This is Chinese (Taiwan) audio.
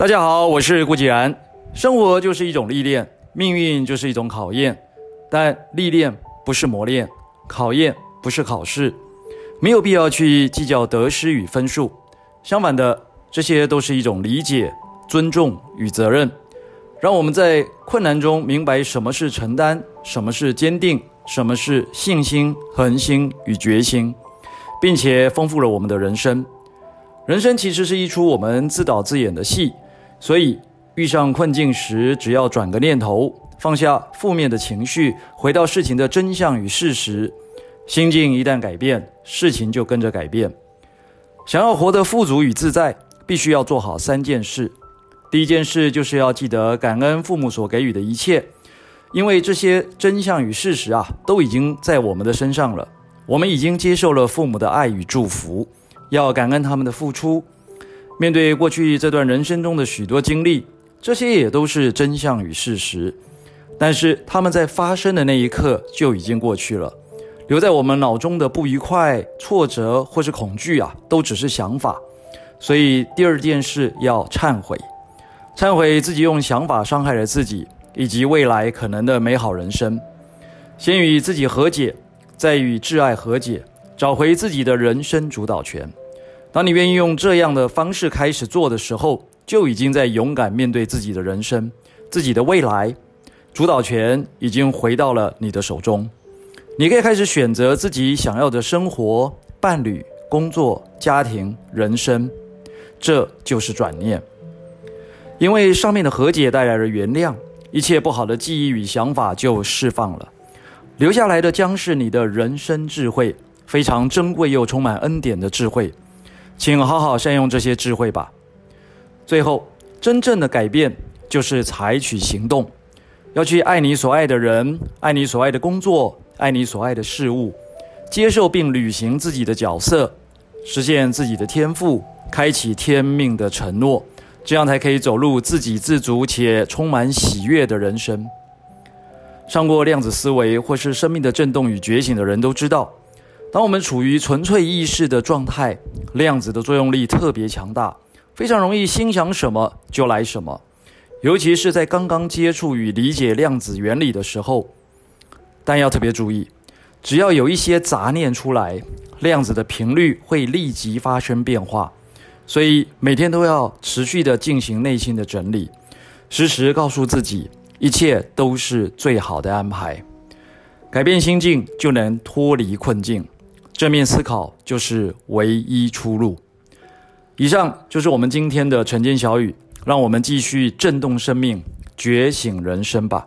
大家好，我是顧繼然。生活就是一種歷練，命運就是一種考驗，但歷練不是磨練，考驗不是考試，沒有必要去計較得失與分數。相反的，這些都是一種理解、尊重與責任，讓我們在困難中明白什麼是承擔，什麼是堅定，什麼是信心、恆心與決心，並且豐富了我們的人生。人生其實是一出我們自導自演的戲。所以，遇上困境時，只要轉個念頭，放下負面的情緒，回到事情的真相與事實，心境一旦改變，事情就跟着改變。想要活得富足與自在，必須要做好三件事。第一件事就是要記得感恩父母所給予的一切，因為這些真相與事實啊，都已經在我們的身上了，我們已經接受了父母的愛與祝福，要感恩他們的付出。面對過去這段人生中的許多經歷，這些也都是真相與事實，但是它們在發生的那一刻就已經過去了，留在我們腦中的不愉快、挫折或是恐懼啊，都只是想法。所以，第二件事要懺悔，懺悔自己用想法傷害了自己，以及未來可能的美好人生。先與自己和解，再與摯愛和解，找回自己的人生主導權。當你願意用這樣的方式開始做的時候，就已經在勇敢面對自己的人生、自己的未來，主導權已經回到了你的手中，你可以開始選擇自己想要的生活、伴侶、工作、家庭、人生，這就是轉念。因為上面的和解帶來了原諒，一切不好的記憶與想法就釋放了，留下來的將是你的人生智慧，非常珍貴又充滿恩典的智慧。請好好善用這些智慧吧。最後，真正的改變就是採取行動，要去愛你所愛的人，愛你所愛的工作，愛你所愛的事物，接受並履行自己的角色，實現自己的天賦，開啟天命的承諾，這樣才可以走入自給自足且充滿喜悅的人生。上過量子思維或是生命的震動與覺醒的人都知道，當我們處於純粹意識的狀態，量子的作用力特別強大，非常容易心想什麼就來什麼，尤其是在剛剛接觸與理解量子原理的時候。但要特別注意，只要有一些雜念出來，量子的頻率會立即發生變化。所以每天都要持續的進行內心的整理，時時告訴自己，一切都是最好的安排，改變心境就能脫離困境。正面思考就是唯一出路。以上就是我們今天的晨間小語，讓我們繼續震動生命，覺醒人生吧！